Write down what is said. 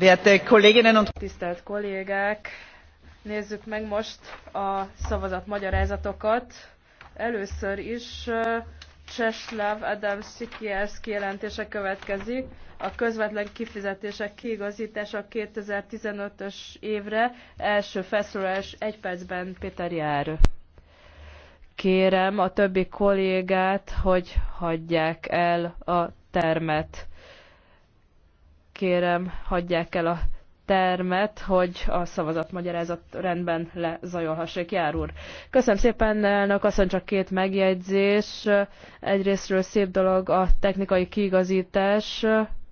Werte Kolleginnen und Tisztelt kollégák! Nézzük meg most a szavazat magyarázatokat. Először is Cseslav Adam Szikierszki jelentése következik. A közvetlen kifizetések kiigazítása 2015-ös évre első felszólalás egy percben Péter Jár. Kérem a többi kollégát, hogy hagyják el a termet kérem, hagyják el a termet, hogy a szavazatmagyarázat rendben lezajolhassék. Jár úr. Köszönöm szépen, elnök azt csak két megjegyzés. Egyrésztről szép dolog a technikai kiigazítás,